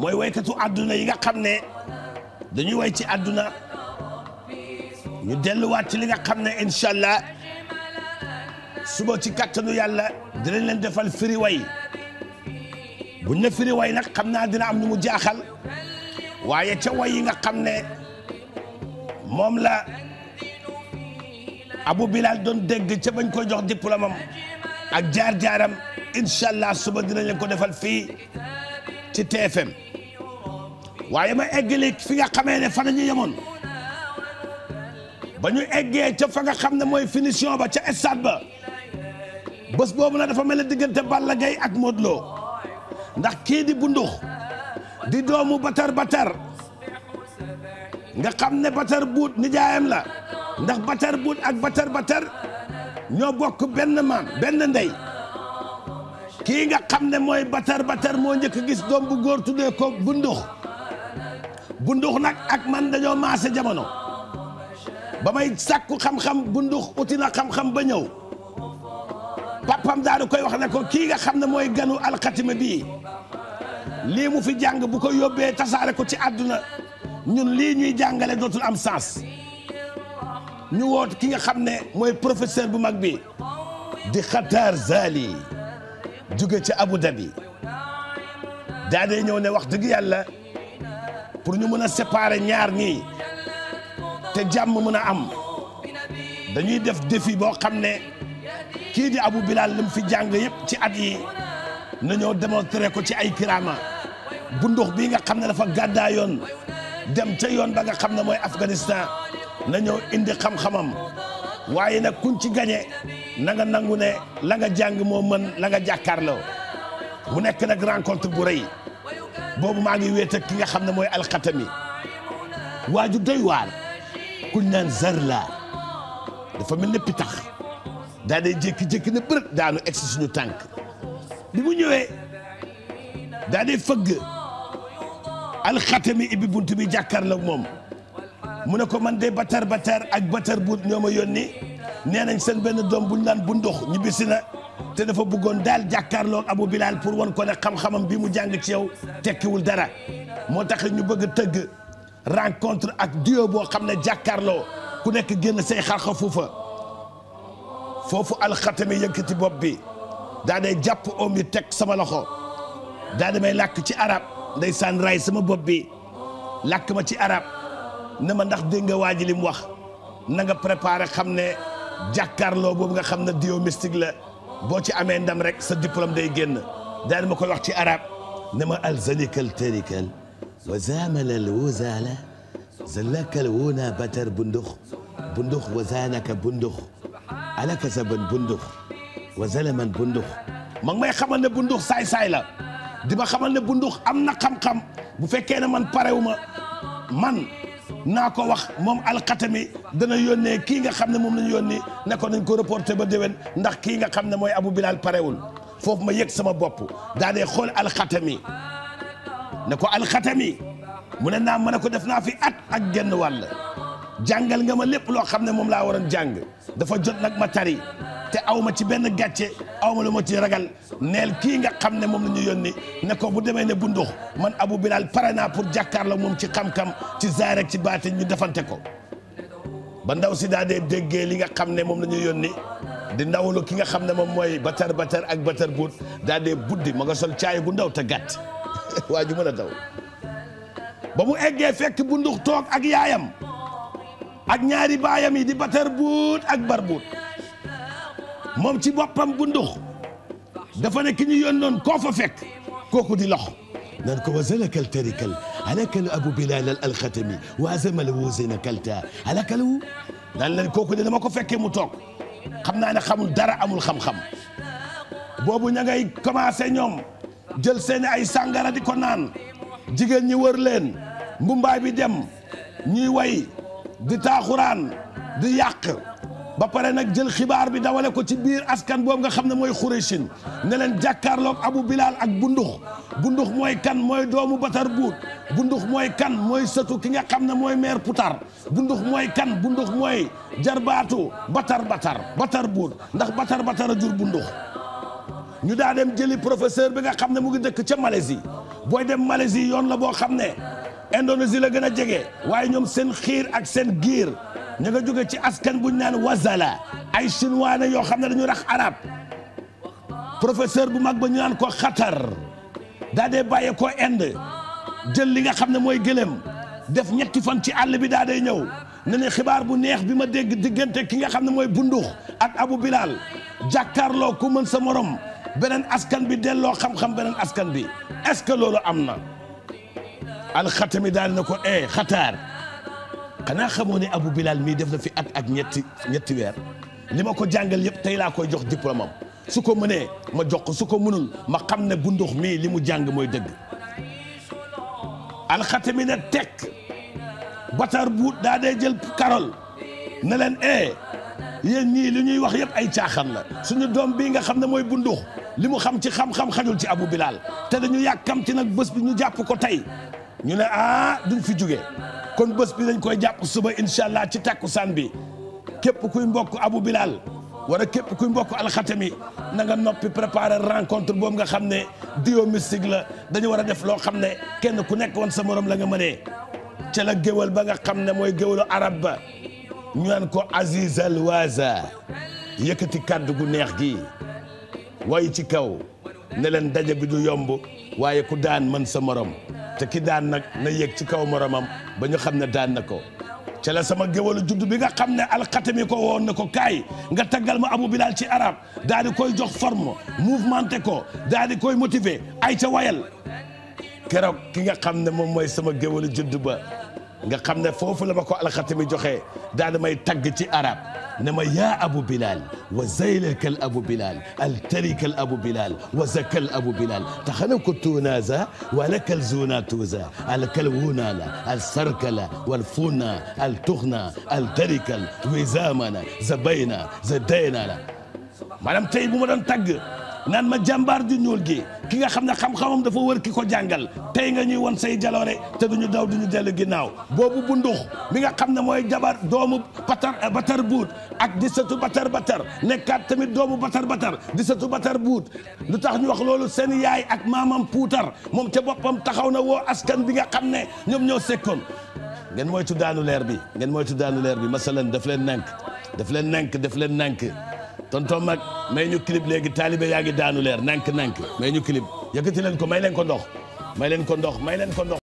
mooy waykatu àdduna yi nga xam ne dañuy way ci àdduna ñu delluwaat ci li nga xam ne incha allah suba ci kàttanu yàlla dinañ leen defal firi way buñ ne firi way nag xam naa dina am nu mu jaaxal waaye ca way yi nga xam ne moom la Abu Bilal doon dégg ca bañ koy jox diplôme am ak jaar-jaaram incha allah suba dinañ leen ko defal fii. ci TFM waaye ma eggale fi nga xamee ne fa nañu yemoon ba ñu eggee ca fa nga xam ne mooy finition ba ca stade ba bés boobu nag dafa mel ne diggante Balla gay ak Modou Lo ndax kii di bundux di doomu batar batar nga xam ne batar buut nijaayam la ndax batar buut ak batar batar ñoo bokk benn maam benn ndey kii nga xam ne mooy batar batar moo njëkk a gis doom bu góor tuddee ko bundux bundux nag ak man dañoo maase jamono ba may sàkku xam-xam bundux uti na xam-xam ba ñëw papam daal koy wax ne ko kii nga xam ne mooy ganu alxatime bii lii mu fi jàng bu ko yóbbee tasaare ko ci àdduna ñun lii ñuy jàngale dootul am sens ñu woot ki nga xam ne mooy professeur bu mag bi di xataar zali jóge ci Abu Dhabi daa day ñëw ne wax dëgg yàlla pour ñu mën a séparer ñaar ñii te jàmm mën a am dañuy def défi boo xam ne kii di Abu Bilal li fi jàng yëpp ci at yi na ñëw démontrer ko ci ay kiraama bu ndox bii nga xam ne dafa gàddaa yoon dem ca yoon ba nga xam ne mooy Afghanistan na ñëw indi xam-xamam waaye nag kuñ ci gañe nanga nga nangu ne la nga jàng moom mën la nga jàkkaarloo mu nekk nag rencontre bu rëy boobu maa ngi wéet ki nga xam ne mooy alxatami waa ju doy waar kuñ naan zarla dafa mel ne pitax daa dee jékki-jékki ne bërët daanu egsi suñu tànk bi mu ñëwee daa dee fëgg alxatami ibbi bunt bi jàkkaarloo moom mu ne ko man de batar batar ak batar buut ñoo ma yónni nee nañ seen benn doom bu ñu naan bu ndox ñibbisi na te dafa bëggoon daal jàkkaarloog Abu Bilal pour wan ko ne xam-xamam bi mu jàng ci yow tekkiwul dara moo tax ñu bëgg a tëgg rencontre ak duo boo xam ne jàkkaarloo ku nekk génn say xarxa fuufa foofu alxatami yëkkati bopp bi daa day jàpp oom yi teg sama loxo daa may làkk ci arab ndeysaan raay sama bopp bi làkk ma ci arab ne ma ndax dégg nga waa ji li mu wax na nga xam ne jàkkaarloo boobu nga xam ne duo mystique la boo ci amee ndam rek sa diplôme day génn daal ma koy wax ci arab ne ma alzalikal tërikal wa zamalal wuzala zalakal wuna batar bundux bundux wa zanaka bundux alakasaban bundux wa zalaman bundux ma ngi may xamal ne bundux saay-saay la di ma xamal ne bundux am na xam bu fekkee ne man parewu ma man naa ko wax moom alxatami dana yónnee kii nga xam ne moom la ñu yónnee ne ko nañ ko ba déwén ndax kii nga xam ne mooy Abu Bilal parewul foofu ma yëg sama bopp daa dee xool alxatami ne ko alxatami mu ne naa mën a ko def naa fi at ak genn wàll jàngal nga ma lépp loo xam ne moom laa waroon jàng dafa jot nag ma tari te awma ci benn gàcce awma lu ma ci ragal neel kii nga xam ne moom la ñu yónni ne ko bu demee ne bundux man Abu Bilal pare naa pour jàkkaarloo moom ci xam-xam ci zaarek ci baate ñu defante ko ba ndaw si daa dee li nga xam ne moom la ñu yónni di ndawlu ki nga xam ne moom mooy batar batar ak batar buut daa dee buddi ma nga sol caay gu ndaw te gàtt waa ju mën a daw ba mu eggee fekk bundux toog ak yaayam ak ñaari baayam yi di batar buut ak bar moom ci boppam bu ndux dafa ne ki ñu yónnoon koo fa fekk kooku di lox nan ko wasalakal tarikal alakal abu bilal al xatami waazamal wusina kalta alakalu daan leen kooku ne dama ko fekkee mu toog xam naa ne xamul dara amul xam-xam boobu ña ngay commencé ñoom jël seen ay sàngara di ko naan jigéen ñi wër leen mbumbaay bi dem ñuy way di taaxuraan di yàq ba pare nag jël xibaar bi dawale ko ci biir askan boobu nga xam ne mooy Xuraysin ne leen jàkkaarloog Abu Bilal ak Bundux Bundux mooy kan mooy doomu Batar Buut Bundux mooy kan mooy sëtu ki nga xam ne mooy maire Poutar Bundux mooy kan Bundux mooy jarbaatu Batar Batar Batar Buut ndax Batar Batar a jur Bundux ñu daa dem jëli professeur bi nga xam ne mu ngi dëkk ca Malaisie booy dem Malaisie yoon la boo xam ne Indonésie la gën a jege waaye ñoom seen xiir ak seen giir ña nga jóge ci askan bu ñu naan wazala ay chinois na yoo xam ne dañu rax arab professeur bu mag ba ñu naan ko xatar daa bàyyee ko Inde jël li nga xam ne mooy gëlëm def ñetti fan ci àll bi daa dee ñëw ne ne xibaar bu neex bi ma dégg diggante ki nga xam ne mooy bundux ak abu bilal jàkkaarloo ku mën sa morom beneen askan bi delloo xam-xam beneen askan bi est que loolu am na alxatami daal na ko e eh, xataar xanaa xamoo ne Abu Bilal mii def na fi at ak ñetti ñetti weer li ma ko jàngal yëpp tey laa koy jox diplôme am su ko mënee ma jox ko su ko mënul ma xam ne bundux mii li mu jàng mooy dëgg alxatami ne tekk batar buut daa jël karol ne leen e ñii li ñuy wax yëpp ay caaxaan la suñu doom bii nga xam ne mooy bundux li mu xam ci xam-xam xajul ci Abu Bilal te dañu yàkkam ci nag bës bi ñu jàpp ko tey ñu ne ah duñ fi jóge kon bés bi dañ koy jàpp suba incha allah ci takkusaan bi képp kuy mbokk Abu Bilal wala képp kuy mbokk alxatami nanga nga noppi préparer rencontre boobu nga xam ne duo mystique la dañu war a def loo xam ne kenn ku nekk woon sa moroom la nga mënee ca la géwal ba nga xam ne mooy géwalu arab ba ñu naan ko Aziz Alwaza yëkkati kàddu gu neex gi waaye ci kaw ne leen daje bi du yomb waaye ku daan mën sa morom te ki daan nag na yeg ci kaw moromam ba ñu xam ne daan na ko ca la sama géwalu juddu bi nga xam ne alxatami ko woon na ko kaay nga taggal ma Abu Bilal ci arab daal di koy jox forme mouvementé ko daal di koy motive ay ca wayal keroog ki nga xam ne moom mooy sama géwalu juddu ba nga xam ne foofu la ma ko alxatami joxe daal may tagg ci arab ne ma yaa abu bilal wa zaylakal abu bilal altarikal abu bilal wa zakal abu bilal taxanako tunaza walakal zuna tuza alkal wunala alsarkala walfuna altuxna altarikal wizamana zabayna zadaynala maanaam tey bu ma doon tagg naan ma jàmbaar ju ñuul gi ki nga xam ne xam-xamam dafa wër ki ko jàngal tey nga ñuy won say jaloore te ñu daw ñu dellu ginnaaw boobu bu ndux mi nga xam ne mooy jabar doomu batar eh, batar buut ak di satu batar batar nekkaat tamit doomu batar batar di satu batar buut lu tax ñu wax loolu seen yaay ak maamam puutar moom ca boppam taxaw na woo askan bi nga xam ne ñoom ñoo sekkoon ngeen mooy tuddaanu leer bi ngeen mooy tuddaanu leer bi masalan daf leen nank daf leen nank daf leen nank ton tonton mag may ñu clip léegi taalibe yaa daanu leer nank nank may ñu clip yëkkati leen ko may leen ko ndox may leen ko ndox may leen ko ndox